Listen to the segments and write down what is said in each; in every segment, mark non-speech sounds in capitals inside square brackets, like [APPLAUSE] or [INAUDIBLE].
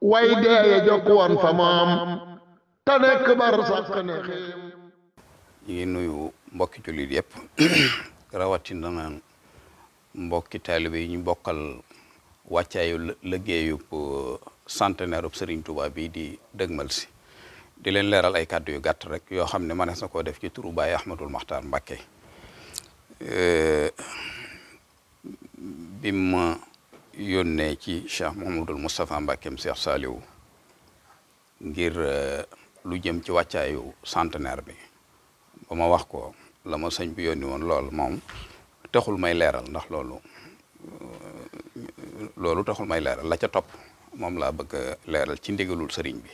way deeye jokk woon fa moom te bar sàq ne ngi nuyu mbokki jullit yëpp [COUGHS] rawatina mbokki taalibe yi ñu bokkal wàccaayu liggéeyub centenaire ub sëriñ Touba bi di dëgmal si di leen leeral ay kàddu yu gàtt rek yoo xam ne mënees na koo def ci turu Baye Ahmadul Maxtaar Mbakke bi yónnee ci Cheikh Mouhamadul Moustapha mbakem Cheikh Saliou ngir euh, lu jëm ci wàccaayu centenaire bi ba ma wax ko la ma sëñ bi yónni woon lool moom taxul may leeral ndax loolu euh, loolu taxul may leeral la ca topp moom laa bëgg leeral ci ndigalul sëriñ bi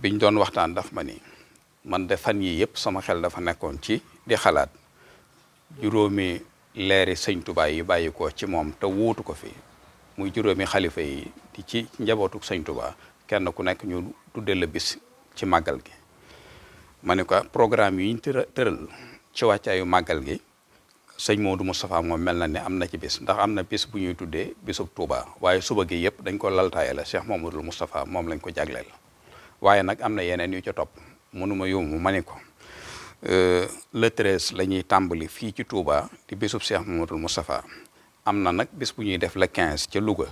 biñ doon waxtaan daf ma ni man de fan yii yëpp sama xel dafa nekkoon ci di xalaat juróomi leeri sëñ Tuubaa yi bàyyi ko ci moom te wuutu ko fi muy juróomi xalifa yi di ci njabootu sëñ Tuubaa kenn ku nekk ñu tuddee la bis ci màggal gi ma ne ko ah, programme yi ñu tëral ci wàccaayu màggal gi sëñ Modou Moustapha moom mel na ne am na ci bis ndax am na bis bu ñuy tuddee bisub Touba waaye suba gi yëpp dañ ko laltaaye la Cheikh Mamadou Moustapha moom lañ ko jagleel waaye nag am na yeneen yu ca topp mënuma yóbbu ma ne ko Euh, le treize lañuy ñuy tàmbali fii ci Touba di bésub Cheikh Mamadou Moustapha am na nag bés bu ñuy def la quinze ca Louga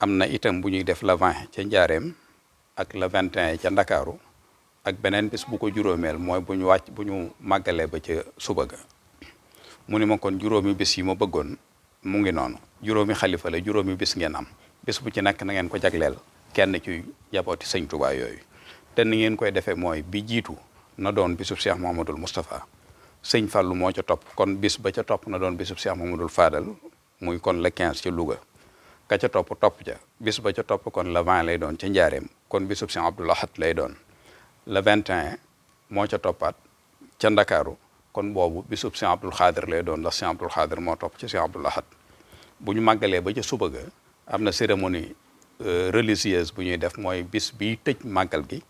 am na itam bu ñuy def la vingt ca Njaareem ak la vingt et un ca Ndakaaru ak beneen bés bu ko juróomeel mooy bu ñu wàcc bu ñu màggalee ba ca suba ga mu ni ma kon juróomi bés yi ma bëggoon mu ngi noonu juróomi xalifa la juróomi bés ngeen am bés bu ci nekk na ngeen ko jagleel kenn ci jabooti sëñ Touba yooyu te ni ngeen koy defee mooy bi jiitu. na doon bisub Cheikh Mouhamadoul Moustapha sëñ fallu moo ca topp kon bis ba ca topp na doon bisub Cheikh Mouhamadoul Fadal muy kon le quinze ci Louga ka ca topp topp ca bis ba ca topp kon le 20 lay doon ca Njaareem kon bisub Cheikh Abdoul Ahad lay doon le 21 moo ca toppaat ca Ndakaaru kon boobu bisub Cheikh Abdoul Khadir lay doon ndax Cheikh Abdoul moo topp ca Cheikh Abdoul Ahad bu ñu màggalee ba ca suba ga am na cérémonie euh, religieuse bu ñuy def mooy bis biy tëj màggal gi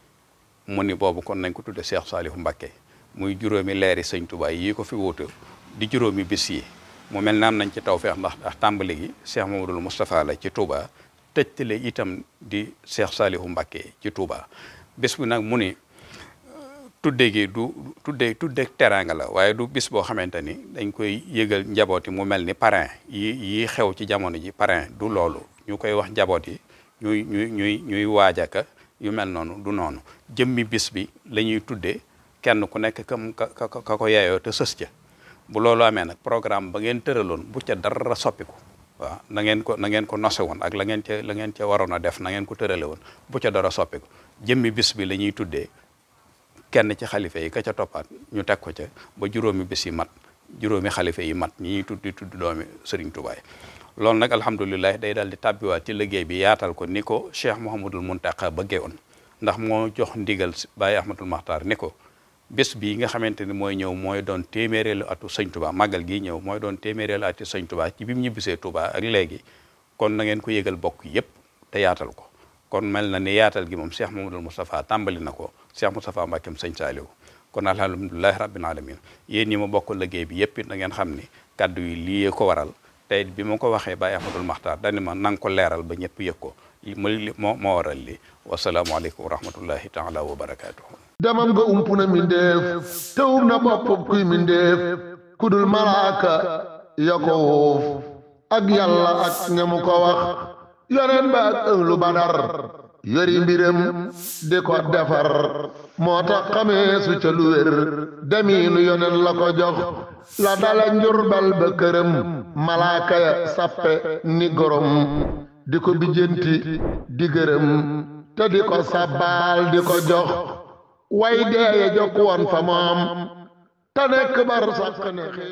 mu ni boobu kon nañ ko tudde Cheikh Saliou Mbacké muy juróomi leeri sëñ Touba yi ko fi wóote di juróomi bis yi mu mel na am nañ ci tawfeex ndax ndax tàmbali gi Cheikh Mamadou Moustapha la ci Touba tëjtale itam di Cheikh Saliou Mbacké ci Touba bis bi nag mu ni tudde du tudde tudde teraanga la waaye du bis boo xamante ni dañ koy yëgal njabooti mu mel ni parrain yi yi xew ci jamono ji parrain du loolu ñu koy wax njaboot yi ñuy ñuy ñuy ñuy waajaka yu mel noonu du noonu jëmmi bis bi la ñuy tuddee kenn ku nekk kam ka ka ko yaayoo te sës ca bu loolu amee nag programme ba ngeen tëraloon bu ca dara soppiku waaw na ngeen ko na ngeen ko nose woon ak la ngeen ca la ngeen ca waroon def na ngeen ko tërale woon bu ca dara soppiku jëmmi bis bi la ñuy tuddee kenn ci xalifa yi ka ca toppaat ñu teg ko ca ba juróomi bis yi mat juróomi xalifa yi mat ñi ñuy tudd di doomi Sëriñ Tuubaa loolu nag alhamdulilah day daal di tàbbiwaat ci liggéey bi yaatal ko ni ko Cheikh Mouhamadul Mountakha bëggee woon ndax moo jox ndigal Baye Ahmadul Maxtaar ni ko bés bii nga xamante ni mooy ñëw mooy doon téeméereelu atu sëñ Touba màggal gii ñëw mooy doon téeméereelu atu sëñ Touba ci bi mu ñibbisee Touba ak léegi kon na ngeen ko yëgal bokk yépp te yaatal ko kon mel na ni yaatal gi moom Cheikh Mouhamadul Moustapha tàmbali na ko Cheikh Moustapha Mbàkkeem sëñ Saaliw kon alhamdulilahi rabbil alamin yéen ñi ma bokk liggéey bi yépp it xam ni kàddu yi lii ko waral tey bi ma ko waxee Baye Ahmadul Maxtaar dani ma na ko leeral ba ñëpp yëg ko li moo moo waral li wasalaamualeykum wa rahmatullahi taala wa barakaatuhu demam nga ump na mindéef te um na boppam kuy mindéef kudul malaaka ya ko wuuf ak yàlla ak ñamu ko wax yoneen ba ak ënglu badar yori mbiram di ko defar moo tax xamee su ca lu wér demiinu yonen la ko jox la dala njurbal ba këram sappe ni gorom di ko bijjanti di gërëm di ko sabbaal di ko jox way deeye jokk woon fa moom te bar sàq ne